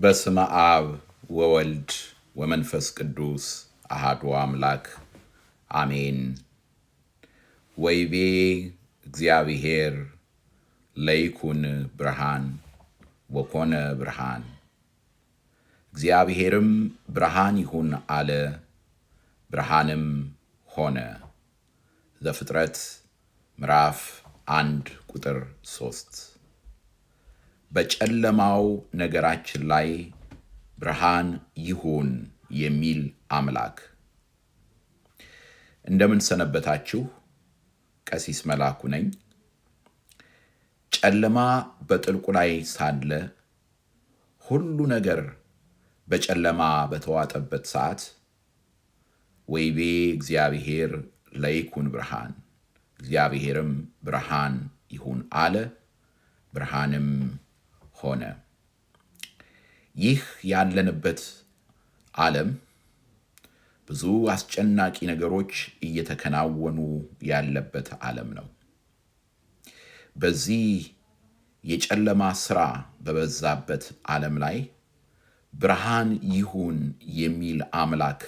በስመ አብ ወወልድ ወመንፈስ ቅዱስ አሃዱ አምላክ አሜን። ወይቤ እግዚአብሔር ለይኩን ብርሃን ወኮነ ብርሃን። እግዚአብሔርም ብርሃን ይሁን አለ፣ ብርሃንም ሆነ። ዘፍጥረት ምዕራፍ አንድ ቁጥር ሶስት በጨለማው ነገራችን ላይ ብርሃን ይሁን የሚል አምላክ። እንደምን ሰነበታችሁ? ቀሲስ መላኩ ነኝ። ጨለማ በጥልቁ ላይ ሳለ ሁሉ ነገር በጨለማ በተዋጠበት ሰዓት ወይቤ እግዚአብሔር ለይኩን ብርሃን፣ እግዚአብሔርም ብርሃን ይሁን አለ። ብርሃንም ሆነ። ይህ ያለንበት ዓለም ብዙ አስጨናቂ ነገሮች እየተከናወኑ ያለበት ዓለም ነው። በዚህ የጨለማ ስራ በበዛበት ዓለም ላይ ብርሃን ይሁን የሚል አምላክ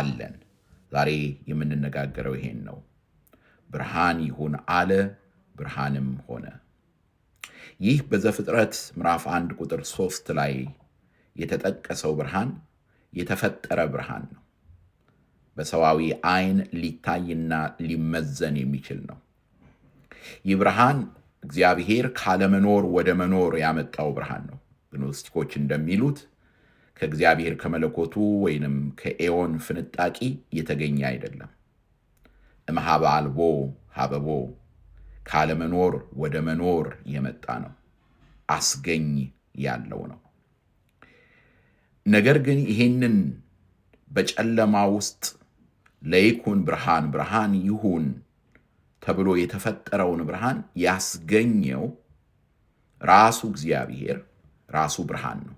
አለን። ዛሬ የምንነጋገረው ይሄን ነው። ብርሃን ይሁን አለ፣ ብርሃንም ሆነ። ይህ በዘፍጥረት ምዕራፍ አንድ ቁጥር ሶስት ላይ የተጠቀሰው ብርሃን የተፈጠረ ብርሃን ነው። በሰዋዊ አይን ሊታይና ሊመዘን የሚችል ነው። ይህ ብርሃን እግዚአብሔር ካለመኖር ወደ መኖር ያመጣው ብርሃን ነው። ግኖስቲኮች እንደሚሉት ከእግዚአብሔር ከመለኮቱ ወይንም ከኤዮን ፍንጣቂ የተገኘ አይደለም። እምሃበ አልቦ ሀበቦ ካለመኖር ወደ መኖር የመጣ ነው። አስገኝ ያለው ነው። ነገር ግን ይሄንን በጨለማ ውስጥ ለይኩን ብርሃን ብርሃን ይሁን ተብሎ የተፈጠረውን ብርሃን ያስገኘው ራሱ እግዚአብሔር ራሱ ብርሃን ነው።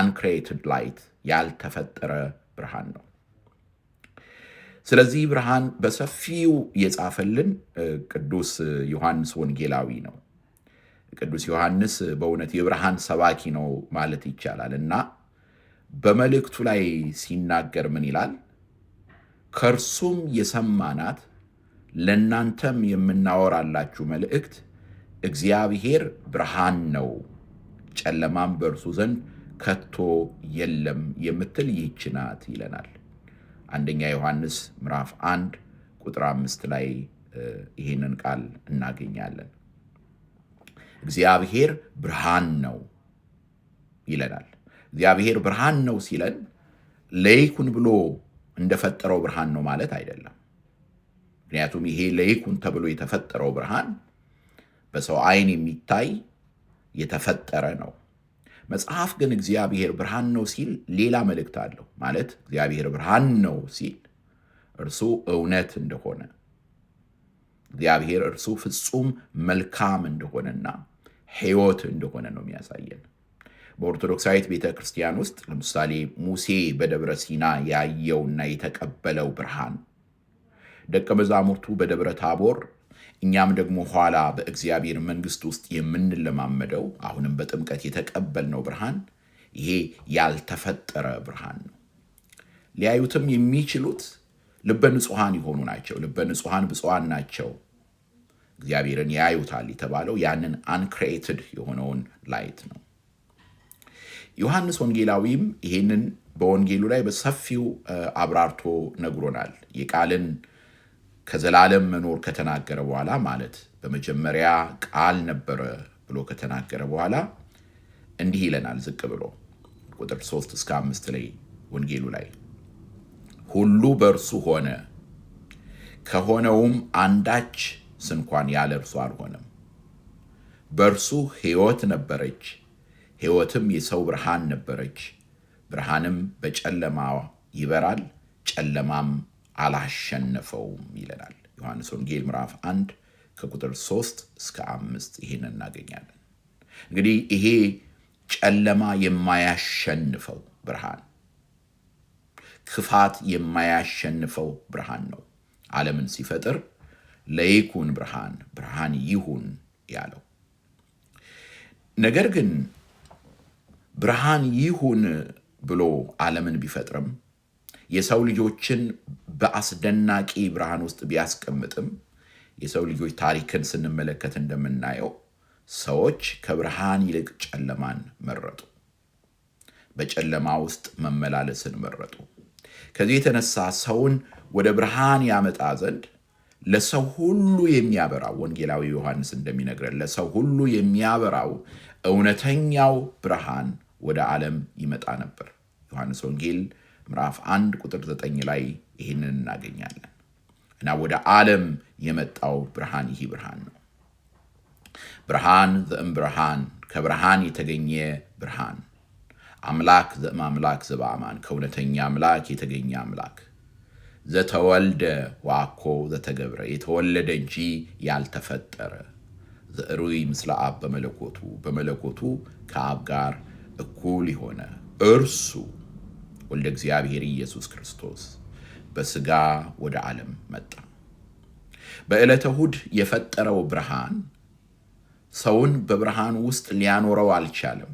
አንክሬትድ ላይት ያልተፈጠረ ብርሃን ነው። ስለዚህ ብርሃን በሰፊው የጻፈልን ቅዱስ ዮሐንስ ወንጌላዊ ነው። ቅዱስ ዮሐንስ በእውነት የብርሃን ሰባኪ ነው ማለት ይቻላል እና በመልእክቱ ላይ ሲናገር ምን ይላል? ከእርሱም የሰማናት ለእናንተም የምናወራላችሁ መልእክት እግዚአብሔር ብርሃን ነው፣ ጨለማም በእርሱ ዘንድ ከቶ የለም የምትል ይህች ናት ይለናል። አንደኛ ዮሐንስ ምዕራፍ አንድ ቁጥር አምስት ላይ ይህንን ቃል እናገኛለን። እግዚአብሔር ብርሃን ነው ይለናል። እግዚአብሔር ብርሃን ነው ሲለን ለይኩን ብሎ እንደፈጠረው ብርሃን ነው ማለት አይደለም። ምክንያቱም ይሄ ለይኩን ተብሎ የተፈጠረው ብርሃን በሰው ዓይን የሚታይ የተፈጠረ ነው። መጽሐፍ ግን እግዚአብሔር ብርሃን ነው ሲል ሌላ መልእክት አለው። ማለት እግዚአብሔር ብርሃን ነው ሲል እርሱ እውነት እንደሆነ እግዚአብሔር እርሱ ፍጹም መልካም እንደሆነና ሕይወት እንደሆነ ነው የሚያሳየን። በኦርቶዶክሳዊት ቤተ ክርስቲያን ውስጥ ለምሳሌ ሙሴ በደብረ ሲና ያየውና የተቀበለው ብርሃን፣ ደቀ መዛሙርቱ በደብረ ታቦር እኛም ደግሞ ኋላ በእግዚአብሔር መንግስት ውስጥ የምንለማመደው አሁንም በጥምቀት የተቀበልነው ብርሃን ይሄ ያልተፈጠረ ብርሃን ነው። ሊያዩትም የሚችሉት ልበ ንጹሐን የሆኑ ናቸው። ልበ ንጹሐን ብፁዓን ናቸው። እግዚአብሔርን ያዩታል የተባለው ያንን አንክሬትድ የሆነውን ላይት ነው። ዮሐንስ ወንጌላዊም ይሄንን በወንጌሉ ላይ በሰፊው አብራርቶ ነግሮናል። የቃልን ከዘላለም መኖር ከተናገረ በኋላ ማለት በመጀመሪያ ቃል ነበረ ብሎ ከተናገረ በኋላ እንዲህ ይለናል ዝቅ ብሎ ቁጥር ሶስት እስከ አምስት ላይ ወንጌሉ ላይ ሁሉ በእርሱ ሆነ፣ ከሆነውም አንዳች ስንኳን ያለ እርሱ አልሆነም። በእርሱ ሕይወት ነበረች፣ ሕይወትም የሰው ብርሃን ነበረች። ብርሃንም በጨለማ ይበራል፣ ጨለማም አላሸነፈውም ይለናል ዮሐንስ ወንጌል ምዕራፍ አንድ ከቁጥር ሶስት እስከ አምስት ይህን እናገኛለን። እንግዲህ ይሄ ጨለማ የማያሸንፈው ብርሃን፣ ክፋት የማያሸንፈው ብርሃን ነው። ዓለምን ሲፈጥር ለይኩን ብርሃን ብርሃን ይሁን ያለው ነገር ግን ብርሃን ይሁን ብሎ ዓለምን ቢፈጥርም የሰው ልጆችን በአስደናቂ ብርሃን ውስጥ ቢያስቀምጥም የሰው ልጆች ታሪክን ስንመለከት እንደምናየው ሰዎች ከብርሃን ይልቅ ጨለማን መረጡ። በጨለማ ውስጥ መመላለስን መረጡ። ከዚህ የተነሳ ሰውን ወደ ብርሃን ያመጣ ዘንድ ለሰው ሁሉ የሚያበራው ወንጌላዊ ዮሐንስ እንደሚነግረን ለሰው ሁሉ የሚያበራው እውነተኛው ብርሃን ወደ ዓለም ይመጣ ነበር። ዮሐንስ ወንጌል ምዕራፍ አንድ ቁጥር ዘጠኝ ላይ ይህንን እናገኛለን እና ወደ ዓለም የመጣው ብርሃን ይህ ብርሃን ነው። ብርሃን ዘእም ብርሃን ከብርሃን የተገኘ ብርሃን አምላክ ዘእም አምላክ ዘበአማን ከእውነተኛ አምላክ የተገኘ አምላክ ዘተወልደ ዋኮ ዘተገብረ የተወለደ እንጂ ያልተፈጠረ ዘዕሩይ ምስለ አብ በመለኮቱ በመለኮቱ ከአብ ጋር እኩል የሆነ እርሱ ወልደ እግዚአብሔር ኢየሱስ ክርስቶስ በሥጋ ወደ ዓለም መጣ። በዕለተ እሁድ የፈጠረው ብርሃን ሰውን በብርሃን ውስጥ ሊያኖረው አልቻለም።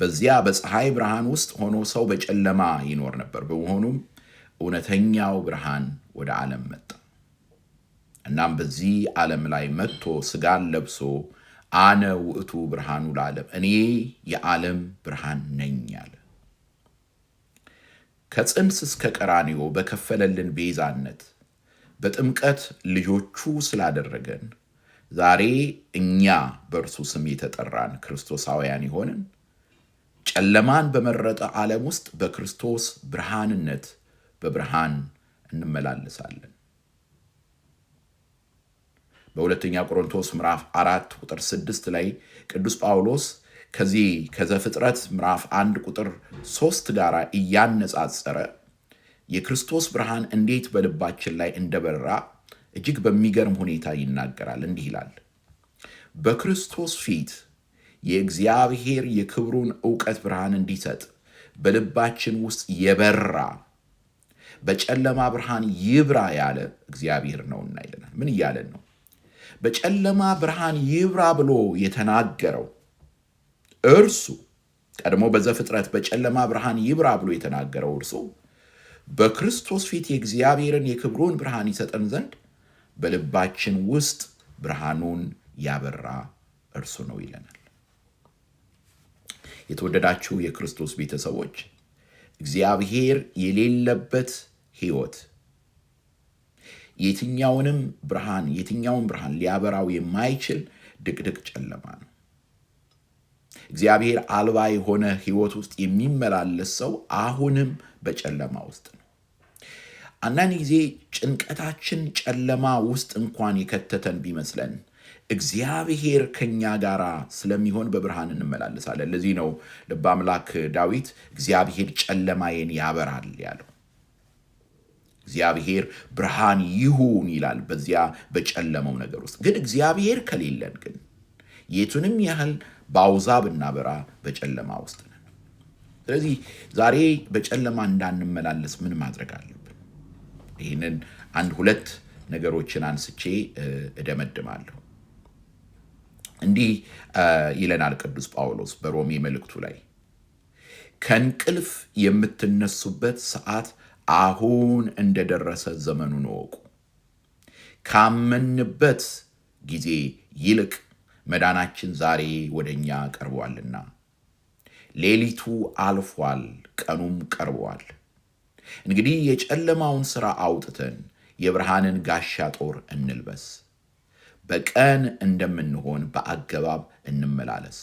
በዚያ በፀሐይ ብርሃን ውስጥ ሆኖ ሰው በጨለማ ይኖር ነበር። በመሆኑም እውነተኛው ብርሃን ወደ ዓለም መጣ። እናም በዚህ ዓለም ላይ መጥቶ ሥጋን ለብሶ አነ ውእቱ ብርሃኑ ለዓለም፣ እኔ የዓለም ብርሃን ነኝ ከጽንስ እስከ ቀራኒዮ በከፈለልን ቤዛነት በጥምቀት ልጆቹ ስላደረገን ዛሬ እኛ በእርሱ ስም የተጠራን ክርስቶሳውያን የሆንን ጨለማን በመረጠ ዓለም ውስጥ በክርስቶስ ብርሃንነት በብርሃን እንመላለሳለን። በሁለተኛ ቆሮንቶስ ምዕራፍ አራት ቁጥር ስድስት ላይ ቅዱስ ጳውሎስ ከዚህ ከዘፍጥረት ምዕራፍ አንድ ቁጥር ሶስት ጋር እያነጻጸረ የክርስቶስ ብርሃን እንዴት በልባችን ላይ እንደበራ እጅግ በሚገርም ሁኔታ ይናገራል። እንዲህ ይላል፣ በክርስቶስ ፊት የእግዚአብሔር የክብሩን እውቀት ብርሃን እንዲሰጥ በልባችን ውስጥ የበራ በጨለማ ብርሃን ይብራ ያለ እግዚአብሔር ነው ይለናል። ምን እያለን ነው? በጨለማ ብርሃን ይብራ ብሎ የተናገረው እርሱ ቀድሞ በዘፍጥረት በጨለማ ብርሃን ይብራ ብሎ የተናገረው እርሱ በክርስቶስ ፊት የእግዚአብሔርን የክብሩን ብርሃን ይሰጠን ዘንድ በልባችን ውስጥ ብርሃኑን ያበራ እርሱ ነው ይለናል። የተወደዳችሁ የክርስቶስ ቤተሰቦች እግዚአብሔር የሌለበት ሕይወት የትኛውንም ብርሃን የትኛውን ብርሃን ሊያበራው የማይችል ድቅድቅ ጨለማ ነው። እግዚአብሔር አልባ የሆነ ህይወት ውስጥ የሚመላለስ ሰው አሁንም በጨለማ ውስጥ ነው። አንዳንድ ጊዜ ጭንቀታችን ጨለማ ውስጥ እንኳን የከተተን ቢመስለን እግዚአብሔር ከኛ ጋር ስለሚሆን በብርሃን እንመላለሳለን። ለዚህ ነው ልበ አምላክ ዳዊት እግዚአብሔር ጨለማዬን ያበራል ያለው። እግዚአብሔር ብርሃን ይሁን ይላል በዚያ በጨለመው ነገር ውስጥ። ግን እግዚአብሔር ከሌለን ግን የቱንም ያህል በአውዛ ብናበራ በጨለማ ውስጥ ነን። ስለዚህ ዛሬ በጨለማ እንዳንመላለስ ምን ማድረግ አለብን? ይህንን አንድ ሁለት ነገሮችን አንስቼ እደመድማለሁ። እንዲህ ይለናል ቅዱስ ጳውሎስ በሮሜ መልእክቱ ላይ ከእንቅልፍ የምትነሱበት ሰዓት አሁን እንደደረሰ ዘመኑን እወቁ። ካመንበት ጊዜ ይልቅ መዳናችን ዛሬ ወደ እኛ ቀርቧልና። ሌሊቱ አልፏል፣ ቀኑም ቀርቧል። እንግዲህ የጨለማውን ሥራ አውጥተን የብርሃንን ጋሻ ጦር እንልበስ። በቀን እንደምንሆን በአገባብ እንመላለስ።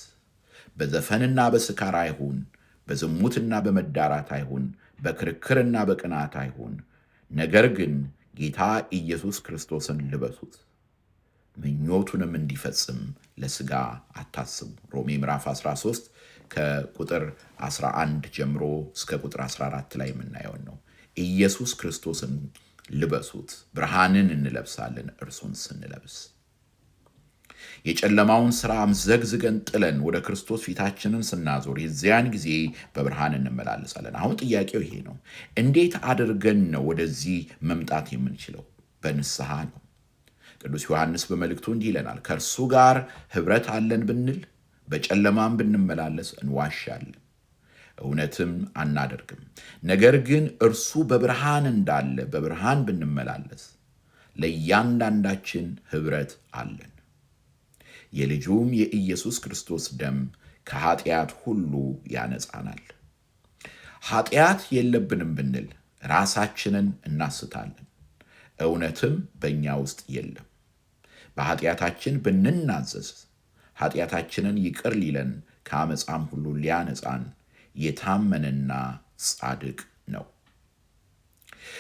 በዘፈንና በስካር አይሁን፣ በዝሙትና በመዳራት አይሁን፣ በክርክርና በቅናት አይሁን። ነገር ግን ጌታ ኢየሱስ ክርስቶስን ልበሱት። ምኞቱንም እንዲፈጽም ለስጋ አታስቡ። ሮሜ ምዕራፍ 13 ከቁጥር 11 ጀምሮ እስከ ቁጥር 14 ላይ የምናየውን ነው። ኢየሱስ ክርስቶስን ልበሱት፣ ብርሃንን እንለብሳለን። እርሱን ስንለብስ የጨለማውን ስራ አምዘግዝገን ጥለን ወደ ክርስቶስ ፊታችንን ስናዞር የዚያን ጊዜ በብርሃን እንመላለሳለን። አሁን ጥያቄው ይሄ ነው። እንዴት አድርገን ነው ወደዚህ መምጣት የምንችለው? በንስሐ ነው። ቅዱስ ዮሐንስ በመልእክቱ እንዲህ ይለናል፣ ከእርሱ ጋር ኅብረት አለን ብንል በጨለማም ብንመላለስ እንዋሻለን፣ እውነትም አናደርግም። ነገር ግን እርሱ በብርሃን እንዳለ በብርሃን ብንመላለስ ለእያንዳንዳችን ኅብረት አለን። የልጁም የኢየሱስ ክርስቶስ ደም ከኃጢአት ሁሉ ያነጻናል። ኃጢአት የለብንም ብንል ራሳችንን እናስታለን፣ እውነትም በእኛ ውስጥ የለም። በኃጢአታችን ብንናዘዝ ኃጢአታችንን ይቅር ሊለን ከአመፃም ሁሉ ሊያነፃን የታመነና ጻድቅ ነው።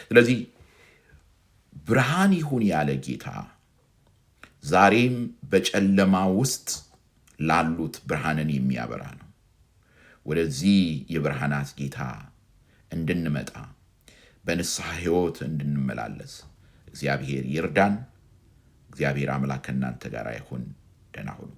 ስለዚህ ብርሃን ይሁን ያለ ጌታ ዛሬም በጨለማ ውስጥ ላሉት ብርሃንን የሚያበራ ነው። ወደዚህ የብርሃናት ጌታ እንድንመጣ በንስሐ ሕይወት እንድንመላለስ እግዚአብሔር ይርዳን። እግዚአብሔር አምላክ ከእናንተ ጋር ይሁን። ደህና ሁኑ።